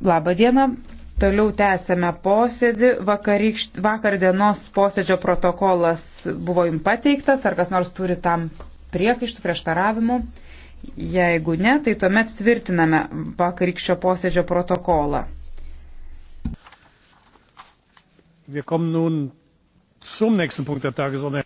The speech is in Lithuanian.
Labą dieną. Toliau tęsėme posėdį. Vakarykšt, vakar dienos posėdžio protokolas buvo jums pateiktas. Ar kas nors turi tam priekaištų, prieštaravimų? Jeigu ne, tai tuomet tvirtiname vakarykščio posėdžio protokolą. Wir kommen nun zum nächsten Punkt der Tagesordnung.